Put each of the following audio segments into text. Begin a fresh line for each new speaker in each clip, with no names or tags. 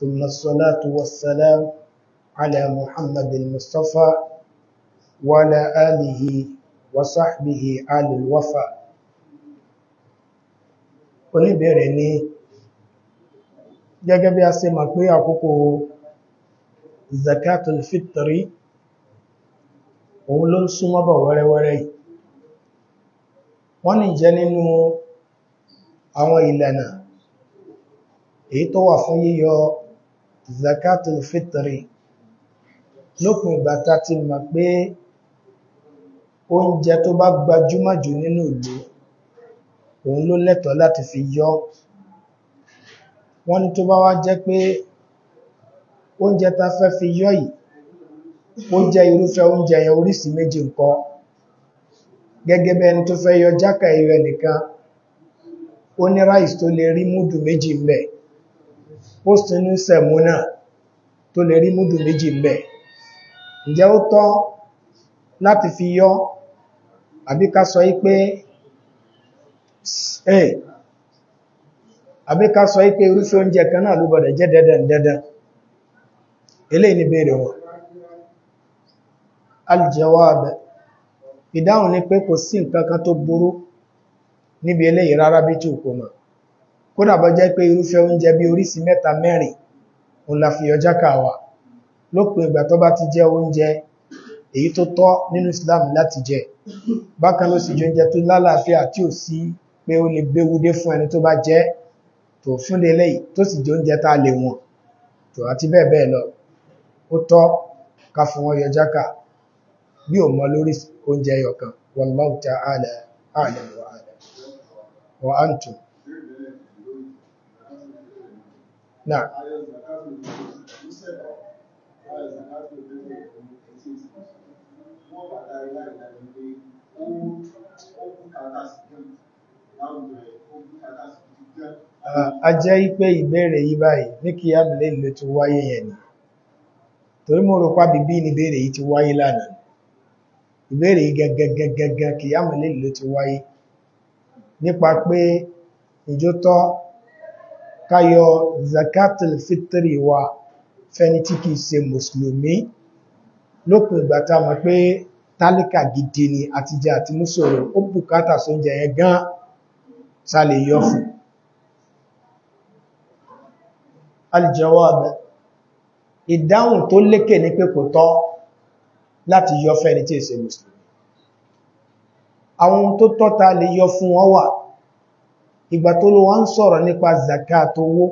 ثم الصلاة والسلام على محمد المصطفى وعلى آله وصحبه آل الوفا oníbẹ̀rẹ̀ ni gẹ́gẹ́ bí a ṣe mọ̀ pé àkókò zakatul fitri òun ló ń súnmọ́ bọ̀ wẹ́rẹ́wẹ́rẹ́ yìí wọ́n ní jẹ́ nínú àwọn ìlànà èyí tó wà fún yíyọ zakatul fitri lópin ìgbà tá ti mọ̀ pé oúnjẹ tó bá gbajúmọ̀ jù nínú ìlú òun ló lẹ́tọ̀ọ́ láti fi yọ wọ́n ní tó bá wá jẹ́ pé oúnjẹ tá fẹ́ fi yọ yìí ó jẹ́ irúfẹ́ oúnjẹ yẹn oríṣìí méjì nǹkan gẹ́gẹ́ bí ẹni tó fẹ́ yọ jákà ẹyọ ẹnìkan ó ní ráìsì tó lè rí múdù méjì ń ó sì ní sẹ̀mú náà tó lè rí múdù méjì mẹ́ ǹjẹ́ ó tọ́ láti fi yọ́ àbí ká sọ pé ẹ̀ àbí sọ irúfẹ́ oúnjẹ kan náà ló jẹ́ dandan dandan eléyìí ni béèrè wọn aljawab ìdáhùn ni pé kò sí nǹkan kan tó níbi kódà bọ́ jẹ́ pé irúfẹ́ oúnjẹ bí oríṣi mẹ́ta mẹ́rin òun la fi ọjáka wà lópin ìgbà tó bá ti jẹ́ oúnjẹ èyí tó tọ́ nínú Islam láti jẹ bákan ló sì jẹ tó lálàáfíà tí ò sí pé ó lè gbéwúdé fún ẹni tó bá jẹ tó fúnde lẹ́yìn tó sì jẹ tá a lè wọ̀n tó àti bẹ́ẹ̀ bẹ́ẹ̀ lọ ó tọ́ ká fún wọn yọjáka bí ò mọ lórí oúnjẹ yọkan wallahu ta'ala a'lam wa a'lam wa antum na uh, a jẹ́ pé ìbéèrè yìí báyìí ní kí àmìlẹ̀ ìlú tó wáyé yẹn ni torí mo rò bí bíbí ní ìbéèrè yìí ti wáyé lánàá ìbéèrè yìí gẹ́gẹ́gẹ́gẹ́gẹ́ kí àmìlẹ̀ ìlú tó wáyé nípa pé ìjó káyọ zakatul fitri wa fẹ́ni tí kìí ṣe mùsùlùmí lópin ìgbà tá pé tálíkà gidi ni àtijẹ àti múṣòro ó bùkátà sóúnjẹ yẹn gan sá lè yọ fún aljawab ìdáhùn tó lékè ní pé kò tọ́ láti yọ fẹ́ni tí ṣe mùsùlùmí àwọn tó tọ́ta lè yọ fún wọn ìgbà tó ló wọ́n ń sọ̀rọ̀ nípa zakat owó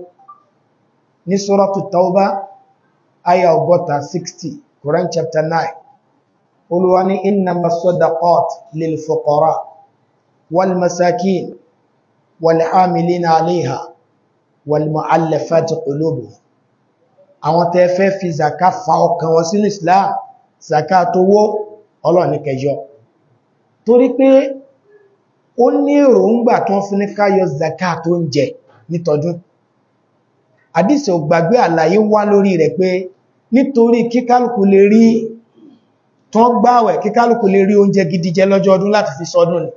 ní suratu tauba aya ọgọ́ta 60 Quran chapter 9 olúwa ní innama sadaqat lil fuqara wal masakin wal amilina alayha wal mu'allafati qulubuhum àwọn tẹ́ fẹ́ fi zaka fa ọkàn wọn sínú Islam zakat owó ọlọ́ọ̀ni kẹjọ torí pé ó ní èròǹgbà tó ń fún ní káyọ zaka tó ń jẹ nítọdún àdìsí ò gbàgbé àlàyé wá lórí rẹ̀ pé nítorí kíkálùkù lè rí tán gbáwẹ̀ kíkálùkù lè rí oúnjẹ gidi jẹ lọ́jọ́ ọdún láti fi sọdún ni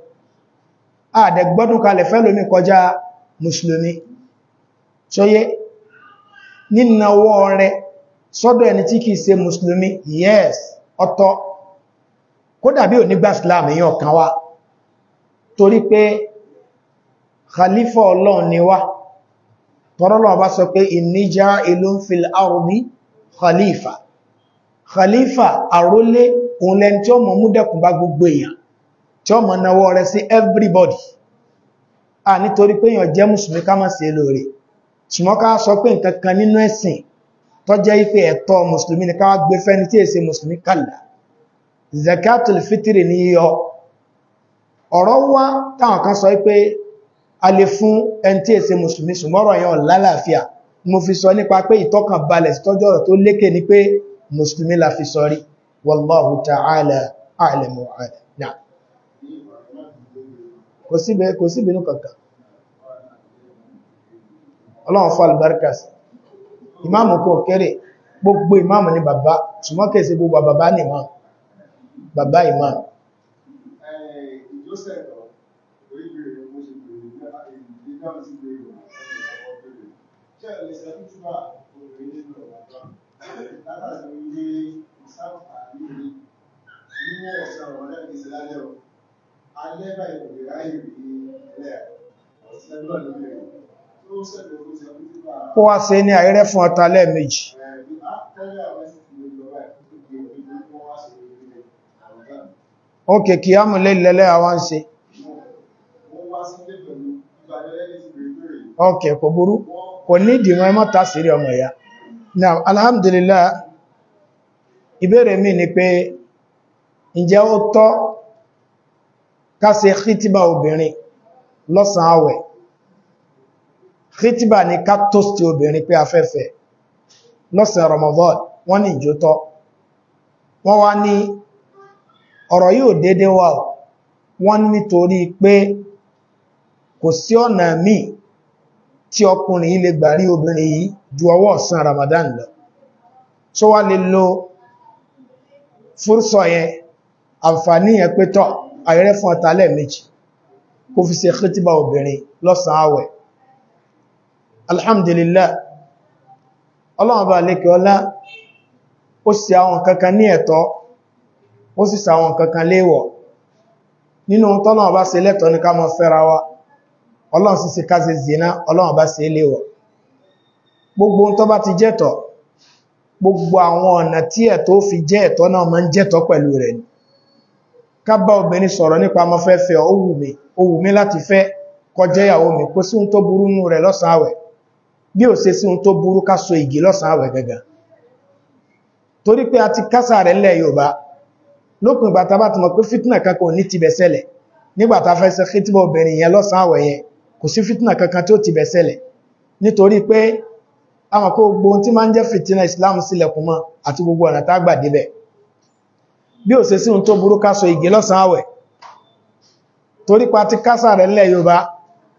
àdẹ̀ gbọ́dún kalẹ̀ fẹ́ lómi kọjá mùsùlùmí ṣóyé nínàwó rẹ̀ sọ́dọ̀ ẹni tí kìí ṣe mùsùlùmí yes ọ̀tọ̀ kódà bí ò nígbà Islam èèyàn kan wá torí pé khalifa ọlọ́run ni wá tọ́rọlọ́wọ́ bá sọ pé ìníjá ìlú ń khalifa khalifa àrólé òun lẹni tí ó mọ̀ mú dẹ̀kùn bá gbogbo èèyàn tí ó mọ̀ náwọ́ rẹ̀ sí everybody a nítorí pé èèyàn jẹ́ mùsùlùmí ká má ṣe lóore ṣùgbọ́n ká sọ pé nǹkan kan nínú ẹ̀sìn tó jẹ́ ife ẹ̀tọ́ mùsùlùmí ni ká gbé fẹ́ni tí èsè mùsùlùmí kàlà zakatul fitri ni yọ ọ̀rọ̀ wá táwọn kan sọ pé a lè fún ẹni tí èsè mùsùlùmí ṣùgbọ́rọ̀ yẹn lálàáfíà mo fi sọ nípa pé ìtọ́kàn balẹ̀ tọ́jọ́ ọ̀rọ̀ tó lékè ní pé mùsùlùmí la fi sọrí wallahu ta'ala a'lamu náà kò sí ìbínú kankan ọlọ́run fún albarka sí ìmáàmù kò kéré gbogbo ìmáàmù ni bàbá ṣùgbọ́n kèsì gbogbo bàbá ni ìmáàmù bàbá ìmáàmù ló sẹ̀kọ́ oríbèrè mo ṣe bèrè ní dáhùn sí bèrè wọn àti ìwọ bèrè ṣé ẹ lè ṣàtúntò bá obìnrin nínú ọ̀rọ̀ àgbà látàrí ilé ìsáǹfààní mi nínú ọ̀sán ọ̀rọ̀ náà kì í ṣe lálẹ́ o alẹ́ báyìí kò lè ráyè rí ẹlẹ́ ọ̀sẹ̀ náà ló bèrè tó sẹ̀kọ́ tó ṣàtúntò bá. kó wá ṣe ní àìrẹ́ fún ọta lẹ́ẹ̀mejì. ẹ̀ẹ́dì á tẹ́lẹ̀ àwọn ókè kí á mú lẹ́lẹ́lẹ́ àwọn ṣe ókè kò burú kò ní ìdìmọ̀ ẹmọ́ ta sí rí ọmọ ìyá now alhamdulillah ìbéèrè mi ni pé ǹjẹ́ ó tọ́ ká ṣe khitiba obìnrin lọ́sàn àwẹ̀ khitiba ni ká tóstì obìnrin pé afẹ́fẹ́ lọ́sàn Ramadan wọ́n ní ìjótọ́ wọ́n wá ní ọ̀rọ̀ yóò dédé wà wọ́n nítorí pé kò sí ọ̀nà míì tí ọkùnrin yìí lè gbà rí obìnrin yìí ju ọwọ́ ọ̀sán Ramadan lọ tó wá lè lo fúrúsọ yẹn àǹfààní yẹn pé tọ́ ayẹ́rẹ́ fún ọta lẹ́ẹ̀mejì kó fi ṣe kítíbà obìnrin lọ́sàn àwẹ̀ alhamdulillah ọlọ́run bá lékè ọlá ó sì àwọn kankan ní ẹ̀tọ́ ó sì sàwọn kankan léèwọ̀ nínú tọ́lọ̀ na ọba lẹ́tọ̀ọ́ ní ká mọ́ fẹ́ra wa ọlọ́run sì ṣe ká ṣe zina ọlọ́run bá ṣe léèwọ̀ gbogbo tó bá ti jẹ́tọ̀ gbogbo àwọn ọ̀nà tí fi jẹ́ ẹ̀tọ́ náà máa ń jẹ́tọ́ pẹ̀lú rẹ̀ ni ká bá obìnrin sọ̀rọ̀ nípa mọ́ fẹ́ fẹ́ ó wù mí ó wù mí láti igi lọ́sàn àwẹ̀ torí a ti kásà rẹ̀ ńlẹ̀ lópin ìgbà tá bá ti pé fitna kankan ní ti bẹ̀sẹ̀lẹ̀ nígbà tá fẹ́ ṣe kítìbọ̀ obìnrin yẹn lọ́sàn àwẹ̀ yẹn kò sí fitna kankan tí ó ti bẹ̀sẹ̀lẹ̀ nítorí pé àwọn kó gbogbo tí máa ń jẹ́ fitna Islam sílẹ̀kùn mọ́ àti gbogbo ọ̀nà tá gbà débẹ̀ bí ó ṣe sí ohun tó burú ká so igi lọ́sàn àwẹ̀ torí pa ti kásà rẹ̀ nílẹ̀ Yorùbá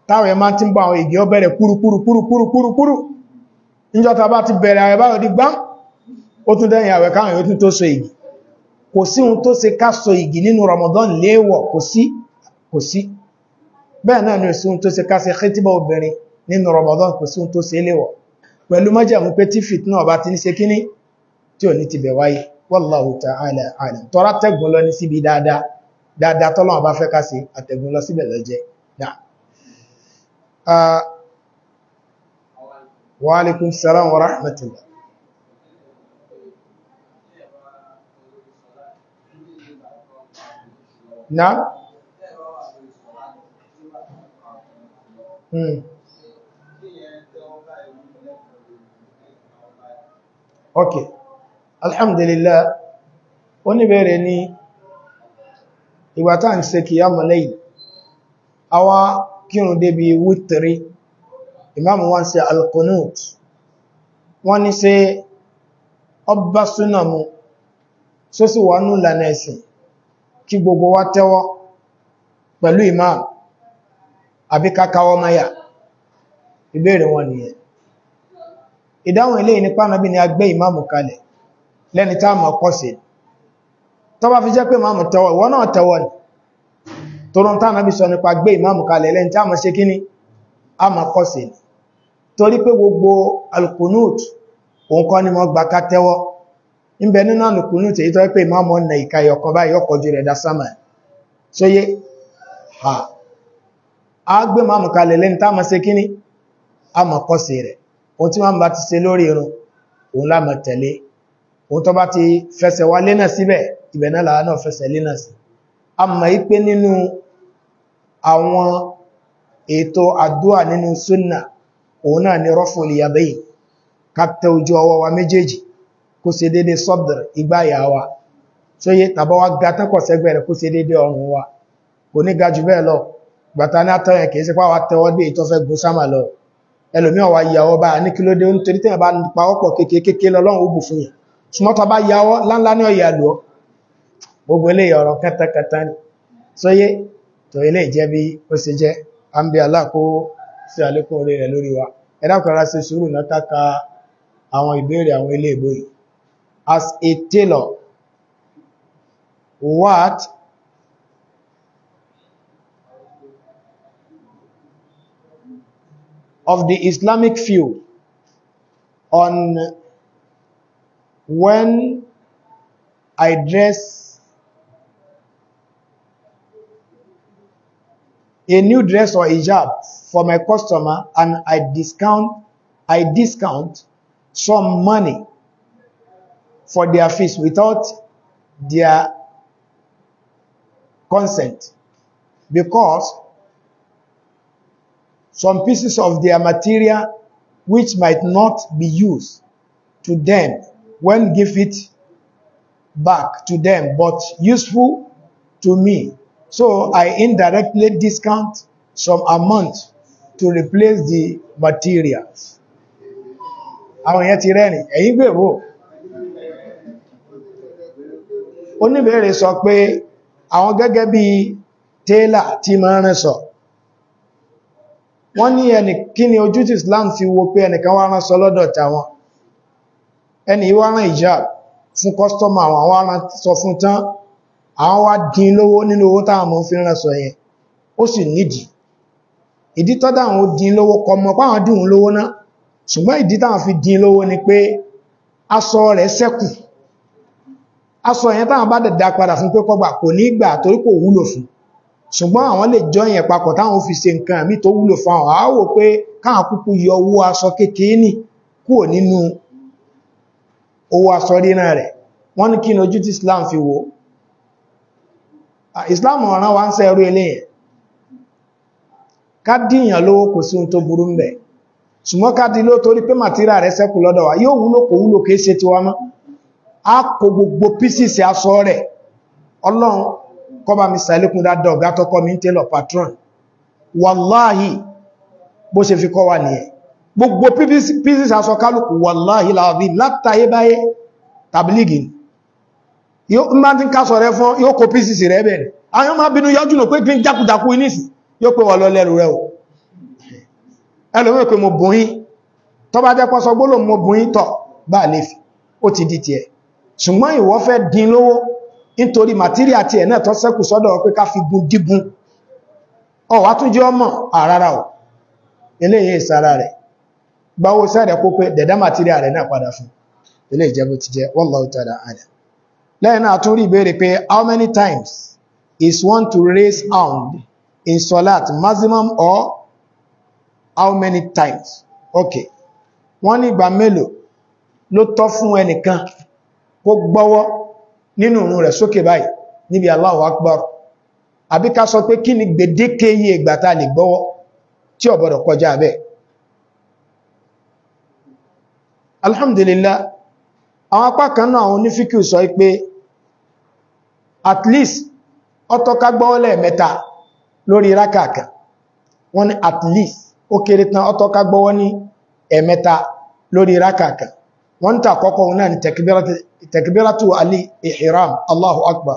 táwọn ẹ̀ máa ti ń bọ àwọn igi ọ bẹ̀rẹ̀ kúrukúrukúrukúrukúrú níjọ́ tá bá ti bẹ̀rẹ̀ àwẹ̀ báyọ̀ di gbá ó tún dẹ́yìn àwẹ̀ káwọn yóò tún tó so igi kò sí ohun tó ṣe ká so igi nínú Ramadan léèwọ̀ kò sí kò sí bẹ́ẹ̀ náà ni òsí ohun tó ṣe ká ṣe kẹ́tíbà obìnrin nínú Ramadan kò sí ohun tó ṣe léèwọ̀ pẹ̀lú májẹ̀mú pé tí fit náà bá ti ní ṣe kíní tí ò ní ti bẹ̀ wáyé wa alaikum salam wa rahmatullah náà hmm. ok alhamdulillah oníbẹ̀rẹ̀ ni ìgbà tá ń ṣe kìyàmọ̀ lẹ́yìn àwa kírun débi wítìrí imam wọ́n ṣe alkunut wọ́n ní ṣe ọba mú sósì lànà ẹ̀sìn kí gbogbo wa tẹ́wọ́ pẹ̀lú imam àbí kákàwọ́ mayà ìbéèrè wọn nìyẹn ìdáhùn ilé ìnípa nàbí ni a gbé imam kalẹ̀ lẹ́ni tá mọ̀ kọ́sì tó bá fi jẹ́ pé imam tẹ́wọ́ ìwọ náà tẹ́wọ́ ni torun tá nàbí sọ nípa gbé imam kalẹ̀ lẹ́ni tá ṣe kíní a mọ̀ kọ́sì torí pé gbogbo alkunut òun ni wọ́n gbà ń bẹ nínú ànùkúnú tèyí tó pé ìmọ̀ ọmọ ọ̀nà ìka ìyọ̀kan báyìí ọkọ̀jú rẹ̀ ha a gbé máàmù kalẹ̀ lẹ́ni tá a ma ṣe kíní a máa kọ́ sí rẹ̀ ohun tí máàmù bá ti ṣe lórí irun òun tẹ̀lé ohun tó bá ti fẹsẹ̀ wá lé náà síbẹ̀ ibẹ̀ náà làá náà fẹsẹ̀ lé náà sí a mọ̀ yí pé nínú àwọn ètò àdúà nínú súnà òun náà ni ká tẹ ojú kó ṣe dédé sọ́bdìrì ìgbáyà wa tí ó yé tàbá wá ga tẹ́kọ̀ sẹ́gbẹ̀ rẹ̀ kó ṣe dédé ọrùn wa kò ní ga jù bẹ́ẹ̀ lọ gbàtà ní àtọ́ yẹn kìí sí pàwà tẹwọ́ dé ìtọ́ fẹ́ gún sámà lọ ẹlòmíràn wa yàwó bá ní kí ló dé nítorí tẹ́yàn bá nípa ọ̀pọ̀ kékeré lọ́lọ́run ó bù fún yẹn súnmọ́ tó bá yàwó àwọn ìbéèrè àwọn ilé ìbòyìí as a tailor. What of the Islamic view on when I dress a new dress or hijab for my customer and I discount I discount some money for their feast without their consent because some pieces of their material which might not be used to them when give it back to them but useful to me so i indirectly discount some amount to replace the materials àwọn èèyàn ti rẹ́rìn ẹ̀yin gbèrò oníbèèrè sọ pé àwọn gẹ́gẹ́ bí tẹ́lá tí máa rán sọ wọ́n ní ẹni kí ni ojú tí Islam fi wo pé ẹnìkan wá rán sọ lọ́dọ̀ tàwọn ẹni wá rán hijab fún kọ́stọ́mà àwọn wá rán sọ fún tán àwọn wá dín lówó nínú owó táwọn fi rán sọ yẹn ó sì nídìí ìdí tọ́dá àwọn dín lówó kọmọ páwọn dùn lówó náà ṣùgbọ́n ìdí táwọn fi dín lówó ni pé aṣọ rẹ̀ sẹ́kù aṣọ yẹn táwọn bá dẹ̀dẹ̀ padà fún pé kọgbà kò ní gbà torí kò wúlò fún ṣùgbọ́n àwọn lè jọ yẹn papọ̀ táwọn fi ṣe nǹkan àmì tó wúlò fún àwọn pé káwọn kúkú yọ owó aṣọ kékeré ní kúrò nínú owó aṣọ rẹ̀ wọ́n ní kí ojú tí Islam fi Islam ọ̀ràn wa ń sẹ́ ẹrú eléyẹn ká lówó kò sí ohun burú ń ṣùgbọ́n ká di torí pé rẹ̀ a kò gbogbo písìsì aṣọ rẹ̀ ọlọ́run kó bá mi sàílékún ọ̀gá tó mi ń tẹ́lọ̀ patron wàláhì bó ṣe fi kọ́ wà nìyẹn gbogbo písìsì aṣọ kálùkù wàláhì láàbí látàyé báyé tàbílìgì yóò máa ti ń kásọ rẹ fún yóò kó písìsì rẹ bẹ̀rẹ̀ àwọn máa bínú ẹlòmí pé mo bùn yín tó bá pọ́sọ gbólò mo bùn yín tọ̀ bá lè fi ó ti di tiẹ̀ ṣùgbọ́n ìwọ fẹ́ dín lówó nítorí material ti ẹ̀ náà tó ṣẹ́kù sọ́dọ̀ pé ká fi gun dígun ọ̀wá tún jẹ́ ọmọ àrárá ò eléyìí ìsára rẹ̀ gbáwó sẹ́rẹ̀ kó pé dẹ̀dá material rẹ̀ náà padà fún ilé ìjẹ́bù ti jẹ́ wallahu ta'ala a'lam lẹ́yìn náà tún rí ìbéèrè pé how many times is one to raise hand in salat maximum or how many times okay wọ́n ní ìgbà mélòó ló tọ́ fún ẹnìkan kó gbọ́wọ́ nínú ìrun rẹ̀ sókè báyìí níbi Allahu Akbar àbí ká sọ pé kí ni gbèdéke iye ìgbà lè gbọ́wọ́ tí ó kọjá alhamdulillah àwọn apá kan náà àwọn sọ at least ọtọ́ ká gbọ́wọ́ lẹ́ẹ̀mẹ́ta lórí rákàkà wọ́n ni at least ó kéré tán ọtọ́ wọ́n tà kọ́kọ́ náà ni takbiratu alì ihram Allahu akbar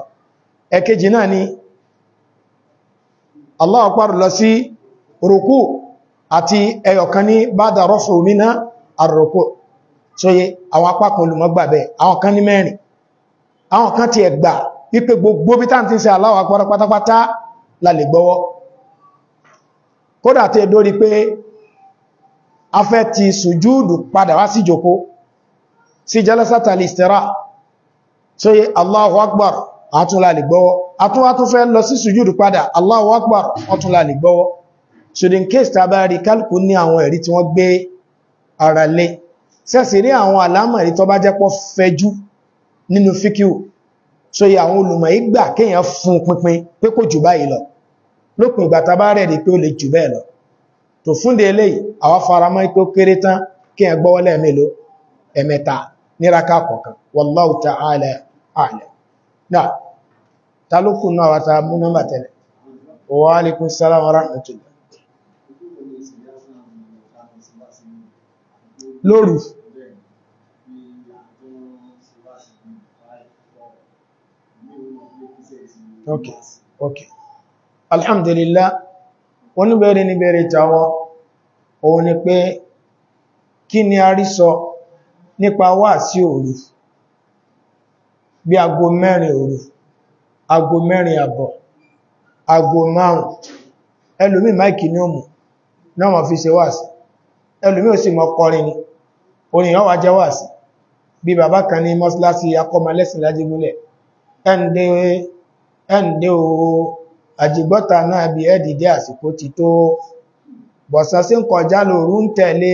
ẹkejì náà ni Allahu akbar lọ sí rukú àti ẹyọkan ní bada rọ́fù mina arrukú sóye àwọn apákan olùmọ́gbàbẹ̀ àwọn kan ní mẹ́rin àwọn kan ti ẹgbà wípé gbogbo bí táà ti ṣe Allahu akbar pátápátá lalè gbọ́wọ́ kódà tẹ́ dórí pé afẹ́ ti sùjúdù padà wá sí jòkó sí jalasata al-istira so yí Allahu Akbar àtúnlá lè gbọ́wọ́ àtúnwá tún fẹ́ lọ sí sùjúdù padà Allahu Akbar àtúnlá lè gbọ́wọ́ so in case tàbá rí kálùkù ní àwọn ẹ̀rí tí wọ́n gbé ara lé sẹ́sì rí àwọn àlámọ̀rí tó bá jẹ́pọ̀ fẹjú nínú fíkíù so yí àwọn olùmọ̀ ìgbà kéèyàn fún pinpin pé kò jù báyìí lọ lópin ìgbà tàbá rẹ̀ rí pé ó lè jù bẹ́ẹ̀ lọ tó fúnde eléyìí àwọn faramọ́ ipò kéré tán kéèyàn gbọ́wọ́ lẹ́ẹ̀mélòó ẹ̀mẹ́ta níraka kọ̀kan wallahu ta'ala a'lam náà ta ló kù náà wata mú nọ́mbà tẹ́lẹ̀ wa alaikun salam wa rahmatullah lóru ok ok alhamdulillah wọ́n ní bẹ̀rẹ̀ ní bẹ̀rẹ̀ tàwọn òun ni pé kí ni a rí sọ so, nípa wa òru bí bi mẹ́rin òru aago mẹ́rin àbọ̀ aago márùn ẹlòmí máìkì ní òmù náà fi ṣe wa si, ò sì mọ́ kọrin ni wa si, jẹ́ wáàsí bí bàbá kan ní mọ́síláṣí akọ́mọlẹ́sìn lájígúnlẹ̀ ẹ̀ǹdẹ́ o àjìgbọ́ta náà bí ẹ̀dìdẹ́ àsìkò ti tó bọ̀sán sí ń kọjá lóòrùn tẹ̀lé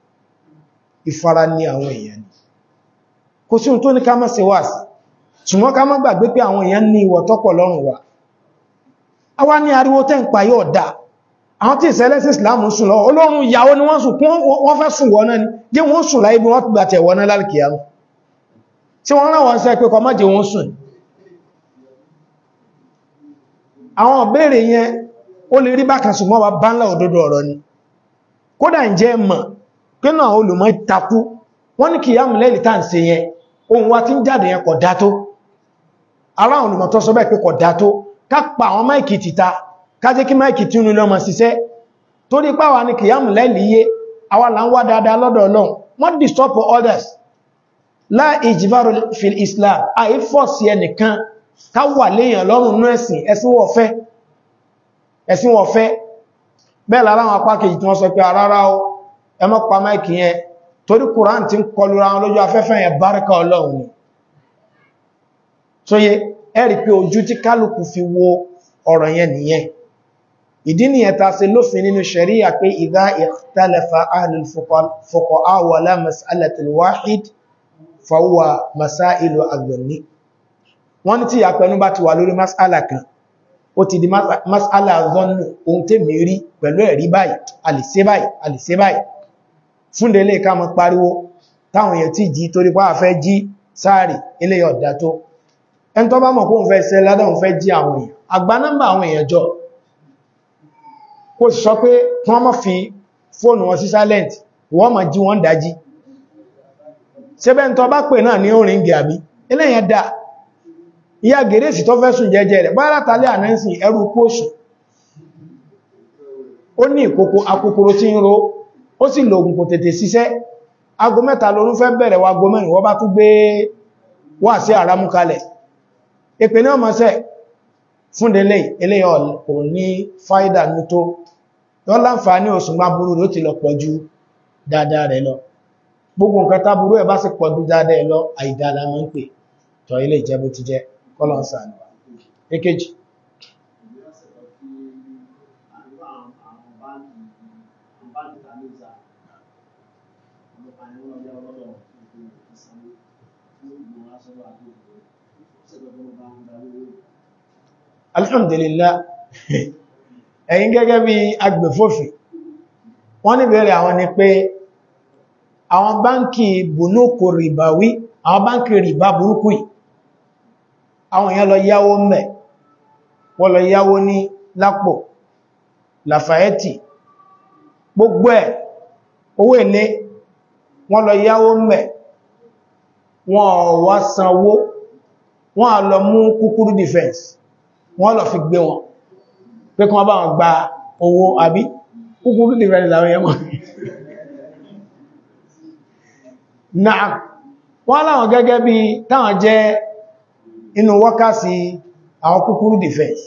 ìfara ní àwọn èèyàn ni kò sí ohun tó ní ká má ṣe wà sí ṣùgbọ́n ká má gbàgbé pé àwọn èèyàn ní ìwọ̀ tọ́pọ̀ lọ́rùn wa a wá ní ariwo tẹ́ ń payọ́ ọ̀dá àwọn tí ìṣẹ́lẹ̀ ni wọ́n sùn kún wọ́n fẹ́ sùn wọ́n náà ni jẹ́ wọ́n sùn láì bí wọ́n fi gbàtẹ̀ wọ́n náà lálùkìyàmù tí wọ́n rán wọn sẹ́ pé àwọn ọ̀bẹ̀rẹ̀ yẹn ó lè rí bákan ṣùgbọ́n wa bá ńlá òdodo ọ̀rọ̀ ni kódà ń jẹ́ mọ̀ kínà olùmọ̀ takú wọ́n ní kìí yàmù lẹ́lì tàà ń ṣe yẹn ohun wa ti ń jáde yẹn kọ̀ dátó ara olùmọ̀ tó sọ bẹ́ẹ̀ pé kọ̀ dátó ká pa àwọn máìkì tìta ká jẹ́ kí máìkì tí ó lọ́mọ ṣiṣẹ́ torí pàwà ní kìí yàmù lẹ́lì yé àwa là ń wá dáadáa lọ́dọ̀ others la ìjìbárò fil Islam àì fọ́ọ̀sì ẹnìkan ká wà léèyàn lọ́rùn nú ẹ̀sìn ẹ̀sìn wọ́n fẹ́ ẹ̀sìn ẹ má pa máìkì yẹn torí Kùránì ti ń kọlura wọn lójú afẹ́fẹ́ yẹn bárakà ọlọ́run ni tó yẹ ẹ rí pé ojú tí kálukú fi wo ọ̀rọ̀ yẹn nìyẹn ìdí nìyẹn ta ṣe lófin nínú ṣẹ̀ríyà pé idha ikhtalafa ahlul fuqaha wala mas'alatil wahid fahuwa masailu adhanni wọ́n ní tí ìyàpẹ̀nú bá ó ti di mas'ala adhannu ohun tèmi rí pẹ̀lú ẹ̀rí báyìí a báyìí a báyìí fúndẹ̀lé ká mọ́ pariwo táwọn èèyàn tí jí torí pá fẹ́ jí sáàrì ilé ọ̀dá tó ẹn tó bá mọ̀ kó ń fẹ́ ṣe ládáhùn fẹ́ jí àwọn èèyàn àgbà nọ́mbà àwọn èèyàn jọ kó sì sọ pé kí wọ́n mọ́ fi fóònù wọn sí silent wọ́n mọ̀ jí wọ́n dájí ṣebẹ́ ń tó bá pè ó ní ìkòkò akòkòrò tí ń ro ó sì lo oògùn kò tètè ṣiṣẹ́ aago mẹ́ta lórún fẹ́ bẹ̀rẹ̀ wa aago mẹ́rin wọ́n bá tún gbé wà sí àrámú kalẹ̀ èpè náà mọ́ sẹ́ fún délé eléyà kò ní fáídà ní tó lọ láǹfààní oṣù má burú ló ti lọ pọ̀ ju dáadáa alhamdulillah ẹ̀yin gẹ́gẹ́ bí agbèfófì wọ́n ní bẹ̀rẹ̀ àwọn ni pé àwọn báńkì bùnúkù rìbáwí àwọn báńkì rìbá burúkú yìí àwọn èèyàn lọ yáwó mẹ́ wọ́n lọ yáwó ní lápò lafayette gbogbo ẹ̀ owó èlé wọ́n lọ yáwó mẹ́ wọn ọ̀wá sanwó wọ́n a lọ mú kúkúrú defense wọ́n lọ fi gbé wọn pé kí wọ́n bá wọn gba owó àbí kúkúrú defense láwọn ẹmọ́ na wọ́n láwọn gẹ́gẹ́ bí táwọn jẹ́ inú wọ́kásí àwọn kúkúrú defense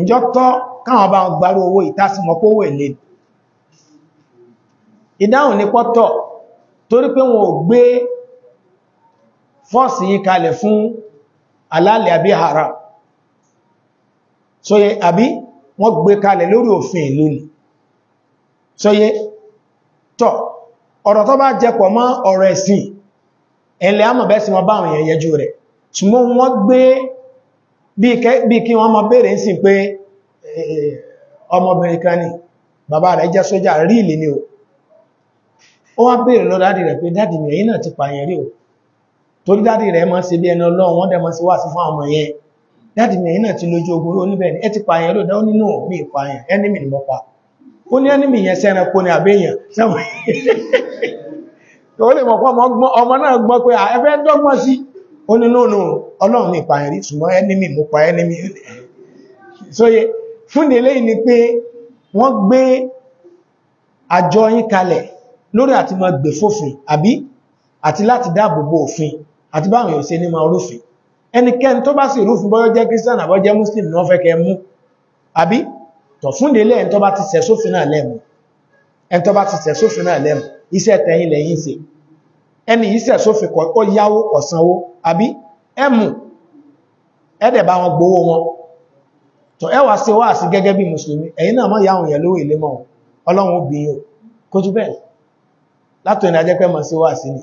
ìjọ tọ́ káwọn bá wọn gbárú owó ìtásímọ́pọ̀ owó èlé ìdáhùn ní torí pé wọn ò gbé fọ́ọ̀sì yí kalẹ̀ fún alálẹ̀ àbí haram sóyé àbí wọ́n gbé kalẹ̀ lórí òfin ìlú ni sóyé tọ́ ọ̀rọ̀ tó bá jẹpọ̀ mọ́ ọ̀rọ̀ ẹ̀sìn ẹ̀lẹ́ àmọ̀bẹ́sí wọn bá àwọn yẹjú rẹ̀ ṣùgbọ́n wọ́n gbé bí kí wọ́n mọ bèèrè ń sìn pé ọmọbìnrin kan ni bàbá rẹ̀ jẹ́ o torí dáàdì rẹ̀ mọ́ sí bí ẹni ọlọ́run wọ́n dẹ̀mọ́ sí wà sí fún àwọn ọmọ yẹn dáàdì mi náà ti lójú ogun oníbẹ̀ ni ẹ ti pààyàn ló dáwọn nínú mi ìpààyàn ẹnìmì ni mo pa ó ní ẹnìmì yẹn sẹ́ranko ni àbẹ́yàn sẹ́wọ̀n ó lè mọ̀ pé ọmọ náà gbọ́ pé mi mo pa ẹnìmì sóye fún délé yìí ni pé wọ́n gbé àjọ yín kalẹ̀ lórí àti mọ gbè fófin àbí àti láti dáàbò bo òfin àti báwọn èèyàn ṣe ní máa rúfin ẹnikẹ́ni tó bá sì rúfin bọ́yọ́ jẹ́ christian àbọ́ jẹ́ muslim náà fẹ́ kẹ mú àbí tọ̀ fúnde lẹ́yìn tó bá ti sẹ̀ sófin náà lẹ́mù ẹni tó bá ti sẹ̀ sófin náà lẹ́mù iṣẹ́ tẹ̀yìn lẹ́yìn ṣe ẹni iṣẹ́ sófin kọ́ ó yáwó ọ̀sanwó àbí ẹmù ẹ̀dẹ̀ bá wọn gbowó wọn tọ̀ ẹ wá ṣe wá sí gẹ́gẹ́ bí ọlọ́run obìnrin kó tún bẹ́ẹ̀ látọ̀ ìrìnàjẹ́pẹ́ mọ̀ sí wá sí ni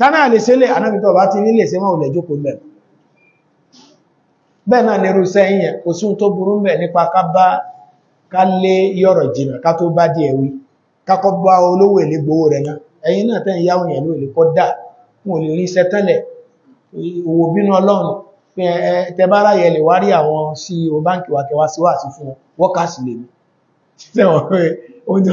tánà lè ṣe lè anábìtọ̀ bá ti rí lè ṣe mọ́ olè jókòó mẹ́ bẹ́ẹ̀ náà nírú sẹ́yìn yẹn kò sún tó burú mẹ́ nípa ká bá ká lé yọ̀rọ̀ jìnà ká tó bá díẹ̀ wí kákọ́ bá olówó èlé gbowó rẹ̀ náà ẹ̀yin náà tẹ́ ìyá e wa kẹwàá sí wà sí fún wọn wọ́kà sí lè mi tẹ́wọ̀n pé oúnjẹ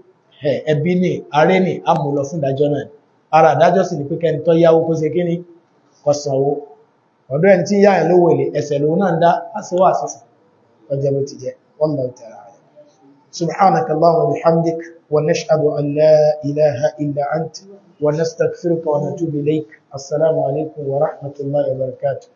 ẹbí ni aré ni a mú lọ fún ìdájọ́ náà ara ìdájọ́ sì ni pé kẹni tó yáwó kó ṣe kí ni kọsànwó ọ̀dọ́ ẹni tí yáyàn lówó èlé ẹsẹ̀ lówó náà ń dá àṣewà àṣẹṣẹ ọjọ́ bó ti jẹ wọ́n lọ tẹ̀ra rẹ̀ subhanakallahu wa bihamdik wa nashhadu an la ilaha illa ant wa nastaghfiruka wa natubu ilayk assalamu alaikum wa rahmatullahi wa barakatuh